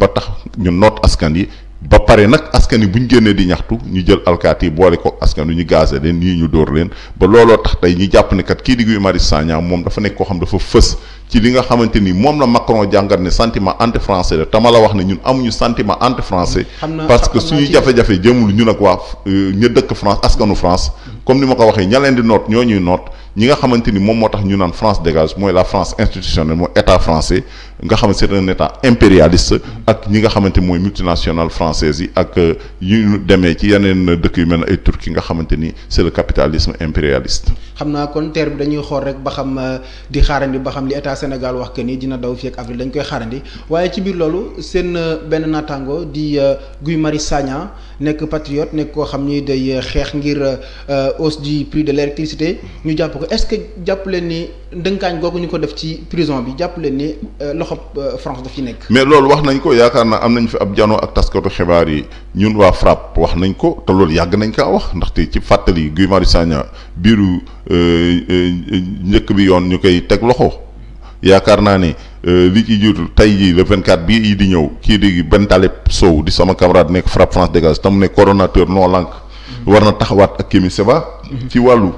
ba tax ñu noot askan yi ba pare nag askan yi bu ñu génnee di ñaxtu ñu jël alkaati yi boole ko askan wi ñu gazé leen nii ñu dóor leen ba looloo tax tey ñu jàpp ni kat kii di Guy Marius Sagna moom dafa nekk koo xam dafa fës ci li nga xamante ni moom la Macron jàngat ne sentiment anti-français la tama la wax ne ñun amuñu sentiment anti-français parce que suñu jafe-jafe jëmul ñun ak waa euh, ña dëkk France askanu France comme ni ma ko waxee ña di noot ñoo ñuy noot ñi nga xamante ni moom moo tax ñu naan France dégage mooy la France institutionnelle mooy état français nga xam ne c'est impérialiste ak ñi nga xamante mooy multinationale française yi ak euh, Sénégal wax que ni dina daw fii ak avril dañ koy xaarandi waaye ci biir loolu seen euh, benn naataango di euh, Guy Marius Sagna nekk patriote nekk koo xam ni day euh, xeex ngir hausse di prix de l'électricité ñu jàpp ko est-ce que jàpp leen ni ndënkaañ googu ñu ko def ci prison bi jàpp leen ni loxo France daf ci nekk. mais loolu wax nañ ko yaakaar naa am nañ fi ab janoo ak taskatu xibaar yi ñun waa FRAPP wax nañ ko te loolu yàgg nañ kaa wax ndaxte ci fàttali Guy Marius Sagna biiru njëkk bi yoon ñu koy teg loxo. yaakaar naa ne euh, li ci jiitu tey jii le 24 bii yi di ñëw kii di benn Talib soow di sama camarade nekk FRAPP France Dégage tam ne coordonnateur non lank war na taxawaat ak Kémi Seba ci wàllu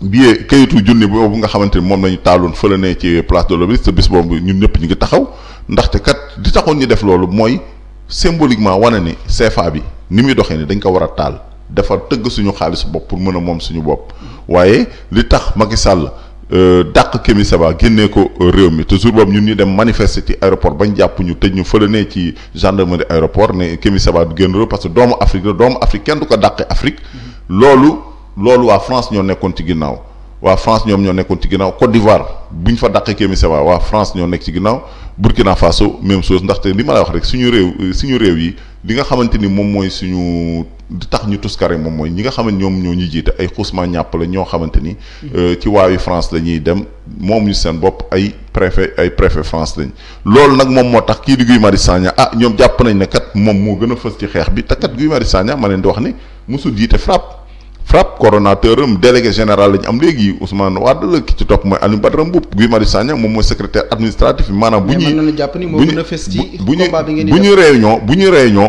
billet kayitu junni boobu nga xamante ni moom la ñu taaloon fële ne ci place de l'Obélisque te bis boobu ñu ñëpp ñu ngi taxaw ndaxte kat di taxoon ñu def loolu mooy symboliquement wane ni CFA bi ni muy doxee ni dañ ko war a taal defar tëgg suñu xaalis bopp pour mën a moom suñu bopp waaye li tax Macky Sall Euh, dàq Kémi Seba génnee ko euh, réew mi te boobu ñun ñu dem manifester ci aéroport bañ jàpp ñu tëj ñu fële ne ci gendarmerie aéroport ne Kémi du génn réew parce que doomu Afrique la doomu Afrique kenn du ko dàqee Afrique mm-hmm. loolu loolu waa France ñoo nekkoon ci ginnaaw waa France ñoom ñoo nekkoon ci ginnaaw Côte d'Ivoire bu ñu fa dàqee Kémi Seba waa France ñoo nekk ci ginnaaw Burkina Faso même chose ndaxte li ma la wax rek suñu réew suñu réew yi. li nga xamante ni moom mooy suñu tax ñu tuskare moom mooy ñi nga xamante ne ñoom ñoo ñu jiite ay xusma ñàpp la ñoo xamante ni. Mhm. Euh, ci waawi France la ñuy dem moom ñu seen bopp ay préfet ay préfet France lañ loolu nag moom moo tax kii di Guy Marius Sagna ah ñoom jàpp nañ ne kat moom moo gën a fës ci xeex bi te kat Guy Marius Sagna ma leen di wax ni mosul jiite frappe. FRAPP coordonnateur am délégué général la ñu am léegi Ousmane Wade la ki ci topp mooy Alioune Badara Mboup Guy Marius Sagna moom mooy secrétaire administratif bi maanaam. bu ñuy bu ñuy bu ñuy réunion bu ñuy ñoo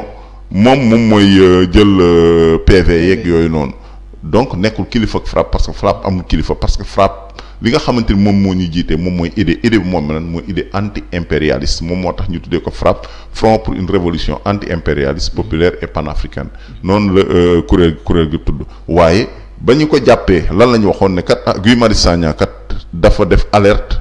moom moom mooy euh, jël euh, PV yeeg yooyu noonu donc nekkul kilifa ak FRAPP parce que FRAPP amul kilifa parce que FRAPP. bi nga xamante ni moom moo ñu jiite moom mooy idée idée bi moom lan mooy idée anti impérialiste moom moo tax ñu tuddee ko FRAPP front pour une révolution anti impérialiste populaire et panafricaine noonu la euh, kuréel kuréel gi tudd waaye ba ñu ko jàppee lan la ñu waxoon ne kat ah Guy Marius Sagna kat dafa def alerte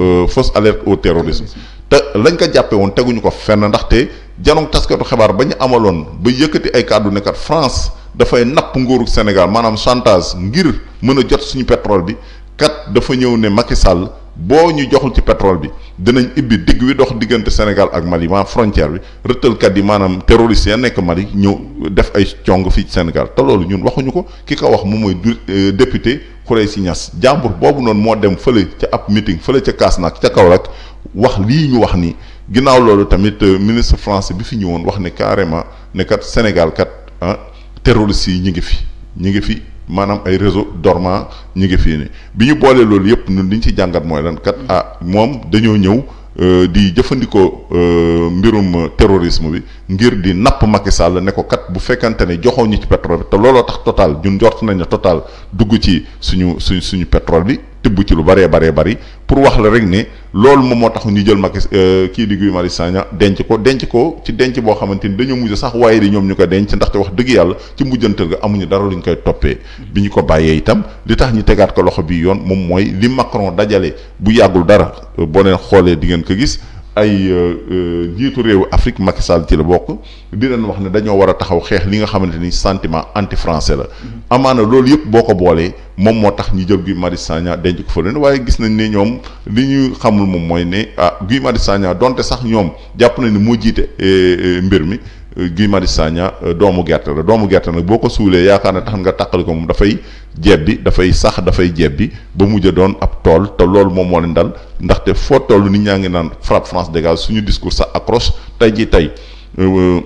euh, fausse alerte au terrorisme te lañ ko jàppee woon teguñu ko fenn ndaxte janoog taskatu xabaar ba ñu amaloon ba yëkkati ay kàddu ne France dafay napp nguuru Sénégal maanaam chantage ngir mën a jot suñu pétrole bi kat dafa ñëw ne Macky Sall boo ñu joxul ci pétrole bi dinañ ibbi digg wi dox diggante Sénégal ak maliment maanaam frontière bi rëttalkat yi maanaam terroriste ya nekk Mali ñëw def ay cong fii ci Sénégal te loolu ñun waxuñu ko ki ko wax moom mooy euh, député Khoureychi Niass jàmbur boobu noonu moo dem fële ci ab meeting fële ca Kasnack ca Kaolack wax lii ñu wax nii ginnaaw loolu tamit euh, ministre français bi fi ñëwoon wax ne carrément ne kat Sénégal kat ah terroriste yi ñu ngi fi ñu ngi fi. maanaam ay réseau dormant ñi ngi fii ni bi ñu boolee loolu yëpp ñun li ñu ci jàngat mooy lan kat ah moom dañoo ñëw euh, di jëfandikoo euh, mbirum terrorisme bi ngir di napp Macky Sall ne ko kat bu fekkante ne joxoo ci pétrole bi te looloo tax Total ñun njort nañ ne Total dugg ci suñu suñ suñu pétrole bi tëbb ci lu bëree baree bari pour wax la rek ne loolu moom moo tax ñu jël Macky euh, kii di Guy Marius Sagna denc ko denc ko ci denc boo xamante ni dañoo mujj sax waaye di ñoom ñu ko denc ndaxte wax dëgg yàlla ci mujjantal gi amuñu dara luñ koy toppee bi ñu ko bàyyee itam li tax ñu tegaat ko loxo bi yoon moom mooy li Macron dajale bu yàggul dara boo leen xoolee di ngeen ko gis ay euh, euh, njiitu réewu Afrique Macky Sall ci la bokk di leen wax ne dañoo war a taxaw xeex li nga xamante ni sentiment anti francais la. Mm-hmm. amaana loolu yëpp boo ko boolee moom moo tax ñu jël Guy Marius Sagna denc ko fa leen waaye gis nañ ne ñoom li ñu xamul moom mooy ne ah Guy Marius Sagna donte sax ñoom jàpp nañ moo jiite eh, eh, mbir mi. Euh, Guy Marius Sagna euh, doomu gerte la doomu gerte nag boo ko suulee yaakaar ne tax nga tàqali ko moom dafay jeeb bi dafay sax dafay jeeb bi ba mujj doon ab tool te loolu moom moo leen dal ndaxte foo toll nit ñaa ngi naan frappe France dégage suñu discours sax accroche tey ji tey euh,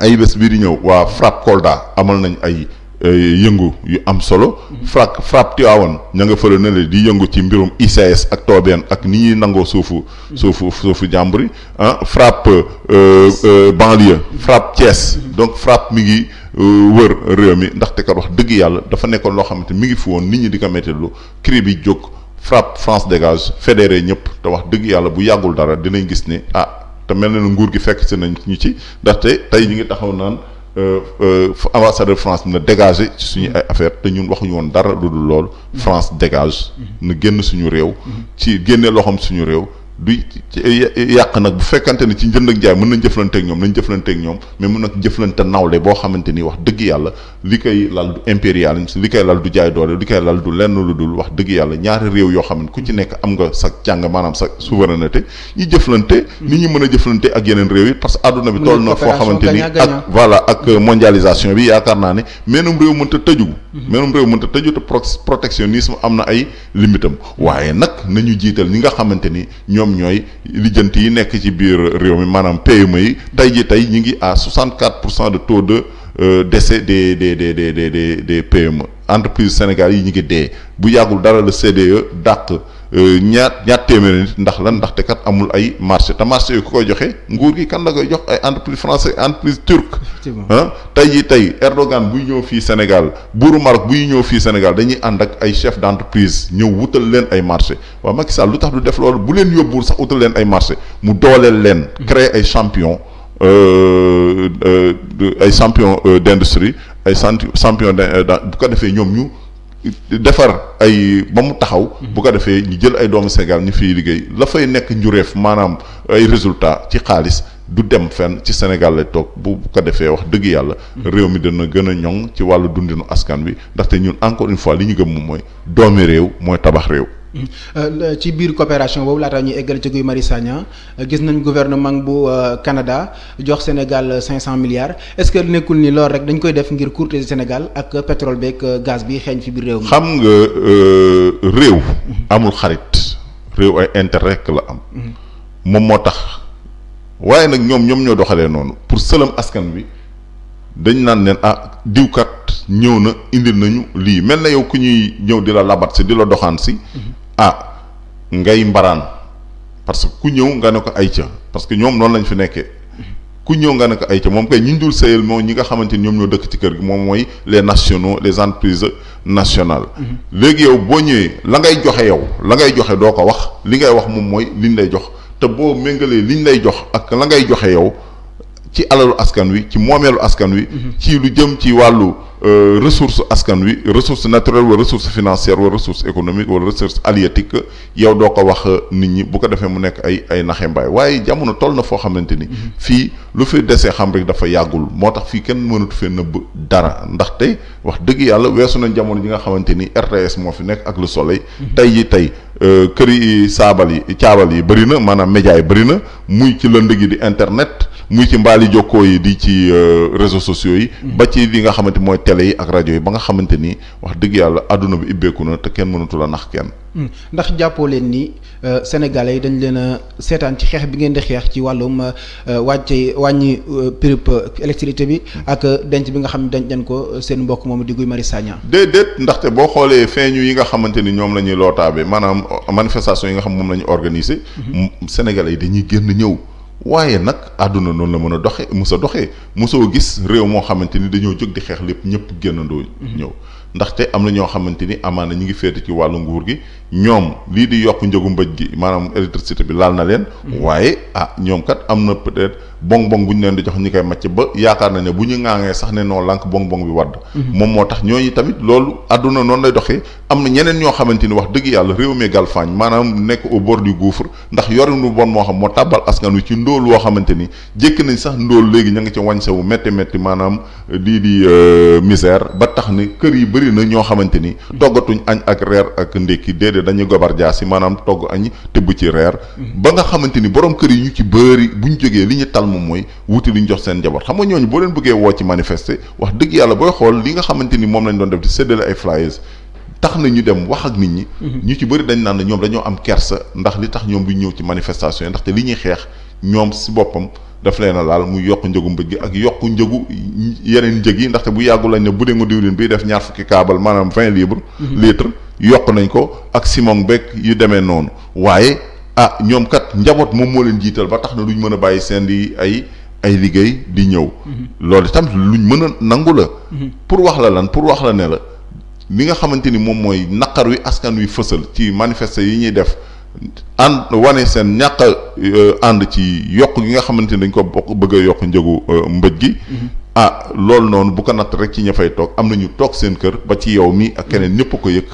ay bés bii di ñëw waa frappe Kolda amal nañu ay Euh, yëngu yu am solo. FRAC FRAP Tivaouane ña nga fële ne la di yëngu ci mbirum ICS ak toobeen ak ni ñuy nangoo suufu. suufu suufu jàmbur yi ah FRAP euh, euh, banlieue. FRAP Thiès. donc FRAP mi ngi wër réew mi ndaxte kat wax dëgg yàlla dafa nekkoon loo xamante mi ngi fi woon nit ñi di ko méttilu cri bi jóg FRAP France dégage fédéré ñëpp te wax dëgg yàlla bu yàggul dara dinañ gis ne ah te mel na nguur gi fekk si nañ ñu ci ndaxte tey ñu ngi taxaw naan. Euh, euh, ambassadeur France na dégagé ci suñu ay affaire te ñun waxuñu woon dara lu dul lool France dégage mm-hmm. na génn suñu réew mm-hmm. ci génne loxoom suñu réew du ci yàq nag bu fekkante ne ci njënd ak jaay mën nañ jëflanteeg ñoom nañ jëflanteeg ñoom mais mën nag jëflante nawle boo xamante ni wax dëgg yàlla li koy lal du impérialisme li koy lal du jaay doole li koy lal du lenn lu dul wax dëgg yàlla ñaari réew yoo xam ne ku ci nekk am nga sa càng maanaam sa souveraineté ñu jëflante ni ñu mën a jëflante ak yeneen réew yi parce que àdduna bi toll na foo xamante ni ak voilà ak mondialisation bi yaakaar naa ne meenum réew mënta tëju mm-hmm. meenum réew mënta tëju te protectionnisme am na ay limitam waaye nag nañu jiital ñi nga xamante ni ñoom ñooy lijjant yi nekk ci biir réew mi maanaam PME yi tey ji tey ñu ngi à 64 pour cent de taux de euh, décès des de des des des des PME entreprise Sénégal yi ñu ngi dee bu yàggul dara la CDE dàq. ñaar ñaar téeméeri nit ndax lan ndaxte kat amul ay marché te marché yi ku koy joxe nguur gi kan la jox ay entreprise français entreprise turque ah, tey jii tey Erdogan buy ñëw fii Sénégal buuru Maroc buy ñëw fii Sénégal dañuy ànd ak ay chef d' entreprise ñëw wutal leen ay marché waaw Macky Sall lu tax du def loolu bu leen yóbbuwul sax wutal leen ay marché mu dooleel leen créer ay champion euh, euh, ay champion euh, d' industrie ay champion bu ko defee ñoom ñu defar ay ba mu taxaw. bu ko defee ñu jël ay doomu Sénégal ñu fiy liggéey la fay nekk njureef maanaam ay résultat ci xaalis du dem fenn ci Sénégal lay toog bu ko defee wax dëgg yàlla. réew mi dana gën a ñoŋ ci wàll dundi dundinu askan wi ndaxte ñun encore une fois li ñu gëm moom mooy doomi réew mooy tabax réew. Mm. Euh, ci biir coopération boobu laataa ñuy eggal ci Guy Marius Sagna euh, gis nañ gouvernement bu kanada euh, jox Sénégal cinq cent milliards est-ce que nekkul ni loolu rek dañ koy def ngir courtiser senegal ak pétrole beeg gaz bi xeeñ fi biir réew mi. xam nga réew. amul xarit réew ay intérêt rek la am. Mm. moom moo tax waaye nag ñoom ñoom ñoo doxalee noonu pour sëlam askan bi dañ naan leen ah diwkat ñëw na indil nañu lii mel na yow ku ñuy ñëw di la labat si di la doxaan si mm-hmm. ah ngay mbaraan parce que ku ñëw nga ne ko ay ca parce que ñoom noonu lañ fi nekkee mm-hmm. ku ñëw nga ne ko ay ca moom kay ñun dul sëyal moom ñi nga xamante ni ñoom ñoo dëkk ci kër gi moom mooy les nationaux les entreprises nationales mm-hmm. léegi yow boo ñëwee la ngay joxe yow la ngay joxe doo ko wax li ngay wax moom mooy liñ lay jox te boo méngalee liñ lay jox ak la ngay joxe yow ci alalu askan wi ci moomeelu askan wi. Mhm. ci lu jëm ci wàllu euh, ressource askan wi ressource naturelle wala ressource financière wala ressource économique wala ressource halieutique yow doo ko wax euh, nit ñi bu ko defee mu nekk ay ay naxe waaye jamono toll na foo xamante ni. Mhm. fii lu fi desee xam rek dafa yàggul moo tax fii kenn mënatu fee nëbb dara ndaxte wax dëgg yàlla weesu nañ jamono ji nga xamante ni RTS moo fi nekk ak Le Soleil. Mhm. tey yi tey euh, kër yi saabal yi caabal yi bëri na maanaam média yi bëri na muy ci lënd gi internet. muy ci mbaali jokkoo yi di ci euh, réseau sociaux yi. Mm-hmm. ba ci li nga xamante mooy tele yi ak rajo yi ba nga xamante ni wax dëgg yàlla àdduna bi ibbeeku na te kenn mënatul a nax kenn. Mm. ndax jàppoo leen ni euh, sénégalais yi dañ leen a seetaan ci xeex bi ngeen di xeex ci wàllum euh, wàcce wàññi prix électricité bi mm-hmm. ak denc bi nga xam ne denc ko seen mbokk moom di Guy Marius Sagna. déedéet boo xoolee feeñu yi nga xamante ni ñoom la ñuy lootaabe maanaam manifestation yi nga xam moom la ñu organisé. Mm-hmm. sénégalais yi dañuy génn ñëw. waaye nag àdduna noonu la mën a doxe mos doxee mosoo gis réew moo xamante ni dañoo jóg di xeex lépp ñëpp génnandoo ñëw ndaxte am na ñoo xamante ni amaana ñi ngi féete ci wàllu nguur gi ñoom lii di yokk njëgu mbëj gi maanaam électricité bi laal na leen mhm. waaye a ah, ñoom kat am na peut-être bong bong bu ñu leen di jox ñi koy màcc ba yaakaar na ne bu ñu ŋaangee sax ne noo lànk bong bong bi wadd mhm. moom moo tax ñooñu tamit loolu àdduna noonu lay doxee am na ñeneen ñoo xamante ni wax dëgg yàlla réew mi galfaañ maanaam nekk au bord du gouffre ndax yorinu bon moo xam moo tàbbal askan wi ci ndóol woo xamante ni jékk nañ sax ndóol léegi ña ngi ci wàñsewu métti métti maanaam eh, lii di euh, misère ba tax ni kër yi bëri na ñoo xamante ni toggatuñ añ ak reer ak ndékki déedéet dañuy gobar jaa si maanaam togg añ tëbb ci reer ba nga xamante ni borom kër yi ñu ci bëri bu ñu jógee li ñu tal moom mooy wuti lu ñu jox seen njaboot xam nga ñooñu boo leen bëggee woo ci manifester wax dëgg yàlla booy xool li nga xamante ni moom lañ doon def di séddale ay flyers tax na ñu dem wax ak nit ñi mhm. ñu ci bëri dañ naan na ñoom dañoo am kersa ndax li tax ñoom bu ñëw ci manifestation yi ndaxte li ñuy xeex ñoom si boppam daf leen a laal mu yokk njëgu mbëj gi ak yokk njëgu yeneen njëg yi ndaxte bu yàggul lañ ne bu dee nga diwlin bii def ñaar fukki kaabal maanaam vingt libre mhm. litre yokk nañ ko ak simon beeg yu demee noonu waaye ah ñoom kat njaboot moom moo leen jiital ba tax na duñ mën a bàyyi seen di ay ay liggéey di ñëw mhm. loolu itam luñ mën a nangu la mhm. pour wax la lan pour wax la ne la li nga xamante ni moom mooy naqar wi askan wi fësal ci manifester yi ñuy def ànd wane seen ñàkk a euh, ànd ci yokk gi nga xamante ni dañ ko bokk bëgg a yokk njëgu euh, mbëj gi mm-hmm. ah loolu noonu bu ko natt rek ci ña fay toog am na ñu toog seen kër ba ci yow mi ak keneen ñëpp ko yëg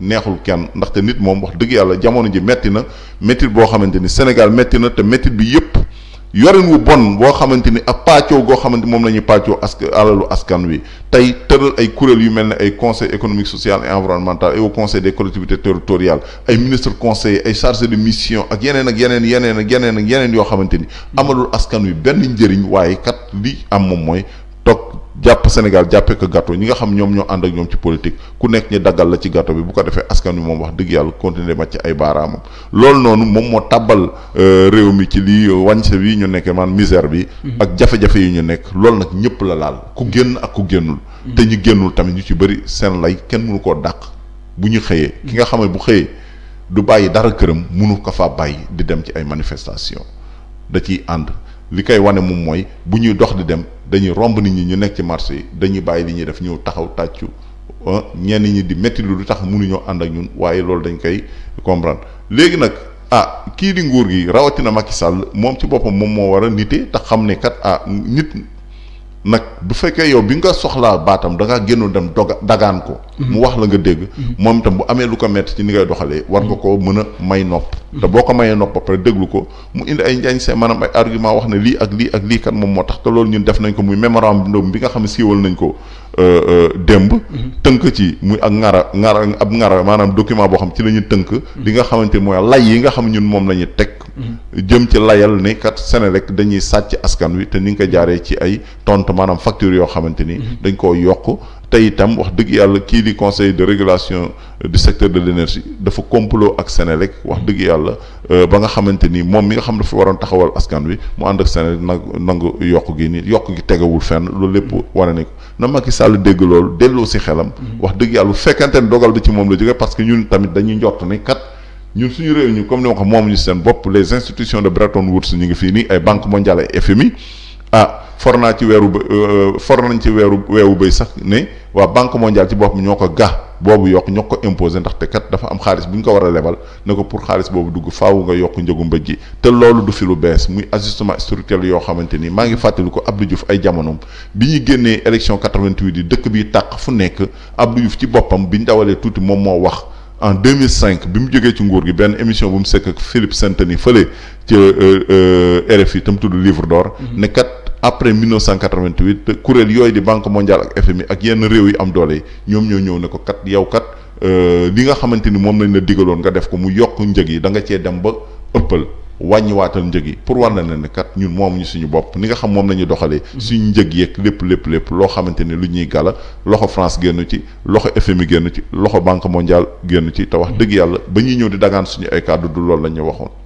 neexul kenn ndaxte nit moom wax dëgg yàlla jamono ji metti na méttit boo xamante ni Sénégal metti na te méttit bi yëpp yorin wu bon boo xamante ni ab pàccoo goo xamante moom la ñuy pàccoo ask alalu askan wi tey tëral ay kuréel yu mel ni ay conseil économique social et environnemental et au conseil des collectivités territoriales ay ministre conseiller ay chargé de mission ak yeneen ak yeneen yeneen ak yeneen yoo xamante ni amalul askan wi benn njëriñ waaye kat li am moom mooy toog jàpp Sénégal jàppee ko ñi nga xam ñoom ñoo ànd ak ñoom ci politique ku nekk ñi daggal la ci gâteau bi bu ko defee askan wi moom wax dëgg yàlla continuer ma ci ay baaraamam loolu noonu moom moo tàbbal euh, réew mi ci lii wàñse bi ñu nekkee man misère bi mm-hmm. ak jafe-jafe yi ñu nekk lool nag ñëpp la laal ku mm-hmm. génn ak ku génnul mm-hmm. te ñu génnul tamit ñu ci bëri seen lay kenn mënu koo dàq bu ñu xëyee ki nga xam bu xëyee du bàyyi dara këram mënu ko faa bàyyi di dem ci ay manifestation da ciy ànd li koy wane moom mooy bu ñuy dox di dem dañuy romb nit ñi ñu nekk ci marché yi dañuy bàyyi li ñuy def ñëw taxaw tàccu ah, ñenn ñi di métti lu tax munuñoo ànd ak ñun waaye loolu dañ koy comprendre léegi nag ah kii di nguur gi rawatina Macky Sall moom ci boppam moom moo war a nite te xam ne kat ah nit. nag bu fekkee yow bi nga soxlaa baatam da ngaa génnoon dem doga dagaan ko. mu wax la nga dégg. moom itam bu amee lu ko metti ci ni ngay doxalee. war nga koo mën may nopp. te boo ko mayee nopp après déglu ko mu indi ay njaañ see maanaam ay argument wax na lii ak lii ak lii kat moom moo tax te loolu ñun def nañ ko muy mémorandum bi nga xam ne siiwal nañ ko. Euh, euh, démb. tënk ci muy ak ngara ngara ab ngara maanaam document boo xam ci la ñu tënk. li nga xamante mooy lay yi nga xam ñun moom la teg. jëm ci layal ni kat Senelec dañuy sàcc askan wi te ni nga ko jaaree ci ay tont maanaam facture yoo xamante ni. Mhm. dañ koo yokk tey itam wax dëgg yàlla kii di conseil de régulation du secteur de l'énergie dafa complot ak Senelec wax dëgg yàlla euh, ba nga xamante ni moom mi nga xam dafa waroon taxawal askan wi mu ànd ak Senelec nag nangu yokk gi nii yokk gi tegawul fenn loolu lépp wane ni ko na Macky Sall dégg loolu delloo si xelam mm-hmm. wax dëgg yàlla bu fekkante ne dogal bi ci moom la jógee parce que ñun tamit dañu njort ni kat ñun suñu réew ñu comme ni ma ko moom ñu seen bopp les ñu ngi fii nii ay banque mondiale ay ah for naa ci weeru euh, for nañ ci weeru weewu béy sax ne waa banque mondiale ci boppam ñoo ko ga boobu yokk ñoo ko imposé ndaxte kat dafa am xaalis bu ñu ko war a lebal ne ko pour xaalis boobu dugg faawu nga yokk njëgu mbëj gi te loolu du fi lu bees muy ajustement structurel yoo xamante ni maa ngi fàttali ko Abdou Diouf ay jamonoom bi ñu génnee élection 88 yi dëkk bi tàq fu nekk Abdou Diouf ci boppam bi ñu dawalee tuuti moom moo wax en 2005 bi mu jógee ci nguur gi benn émission bu mu sekk ak Philippe Santani fële ci euh, euh, RFI tam tudd Livre d'or mhm. après 1988 kuréel yooyu di banque mondiale ak FMI ak yenn réew yi am doole yi ñoom ñoo ñëw ne ko kat yow kat euh, li nga xamante ni moom lañ la digaloon nga def ko mu yokk njëg yi da nga cee dem ba ëppal wàññiwaatal njëg yi pour war na ne kat ñun moom ñu suñu bopp ni nga xam moom la ñu doxalee. Mm-hmm. suñu njëg yeeg lépp lépp lépp loo xamante ni lu ñuy gala loxo France génn ci loxo FMI génn ci loxo banque mondiale génn ci te wax dëgg yàlla ba ñuy ñëw di dagaan suñu ay kàddu du loolu la ñu waxoon.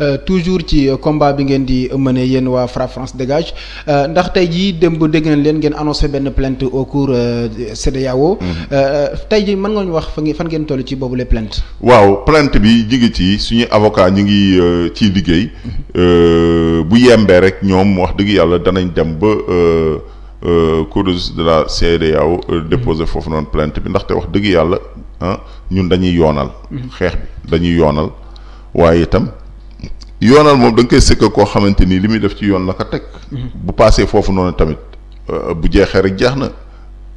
Euh, toujours ci euh, combat bi ngeen di mëne yéen waa fra France dégage euh, ndax tey jii démb dégg nañ leen ngeen annoncé benn plainte au cours CEDEAO mm-hmm. tey jii mën nga ñu wax fan ngeen toll ci boobu les plaintes waaw plainte bi ñu ngi ci suñu avocat ñu ngi ciy liggéey mm-hmm. bu yembee rek ñoom wax dëgg yàlla danañ dem ba cour de la CEDEAO mm-hmm. déposé foofu noonu plante bi ndaxte wax dëgg yàlla ah, ñun dañuy yoonal xeex bi dañuy yoonal waaye itam yoonal moom da nga koy sëkk koo xamante ni li muy def ci yoon la ko teg. Mhm. bu paasee foofu noonu tamit euh, bu jeexee rek jeex na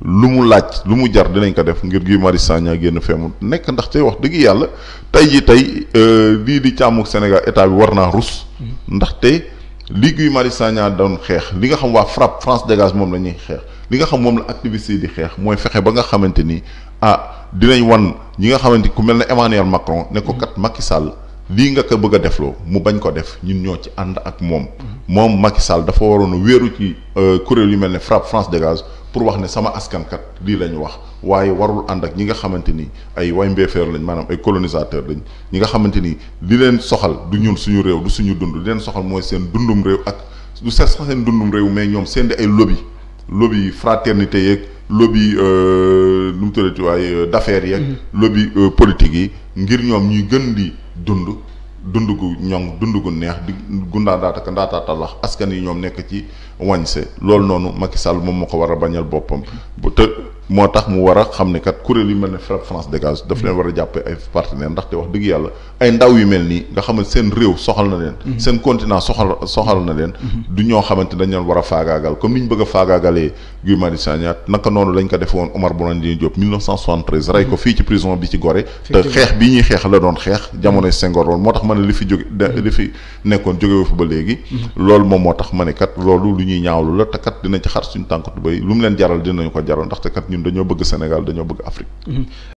lu mu laaj lu mu jar dinañ ko def ngir Guy Marius Sagna génn fee nekk ndax tey wax dëgg yàlla tey jii tey euh, lii di càmmug Sénégal état bi war naa rus. Mhm. ndaxte li Guy Marius Sagna doon xeex li nga xam waa FRAPP France Dégage moom la ñuy xeex li nga xam moom la activiste yi di xeex mooy fexe ba nga xamante ni ah dinañ wan ñi nga xamante ku mel ne Emmanuel Macron ne mhm. kat Macky Sall. lii nga ko bëgg a defloo mu bañ ko def ñun ñoo ci ànd ak moom. moom Macky Sall dafa waroon wéeru ci euh, kuréel yu mel ne FRAPP France Dégage pour wax ne sama askankat lii la ñu wax waaye warul ànd ak ñi nga xamante ni ay way mbeefeer lañ maanaam ay colonisateur lañ ñi nga xamante ni li leen soxal du ñun suñu réew du suñu dund li leen soxal mooy seen dundum réew ak du seet sax seen dundum réew mais ñoom seen di ay lobby lobby fraternité yeeg lobby euh, nu mu tuddati waaye euh, d'affaires yeeg. Mm-hmm. lobby politique yi ngir ñoom ñuy gën di. dund dund gu ñoŋ dund gu neex di gu ndaataata ndaataata lax askan yi ñoom nekk ci wàñse loolu noonu Macky Sall moom moo ko war a bañal boppam te moo tax mu war a xam ne kat kuréel yu mel ne FRAPP France dégage daf leen war a jàppee ay partenaires ndaxte wax dëgg yàlla ay ndaw yu mel nii nga xam seen réew soxal na leen. Mhm. seen continent soxal soxal na leen. Mhm. du ñoo xamante dañ leen war a faagaagal comme ni ñu bëgg a faagaagalee Guy Marius Sagna naka lañ ko defee woon Omar Blondin Diop 1973. rey ko mhm. fii ci prison bi ci Gorée. te xeex bi ñuy xeex la doon xeex jamonoy Senghor loolu moo tax ma ne li fi jóge li fi nekkoon jóge wu fa ba léegi. loolu moom moo tax ma ne kat loolu lu ñuy ñaawlu la te kat dinañ ci xar suñu tànk tubéy lu leen jaral dinañ ko jaral ndaxte kat ñun dañoo bëgg Sénégal dañoo bëgg Afrique. Mm-hmm.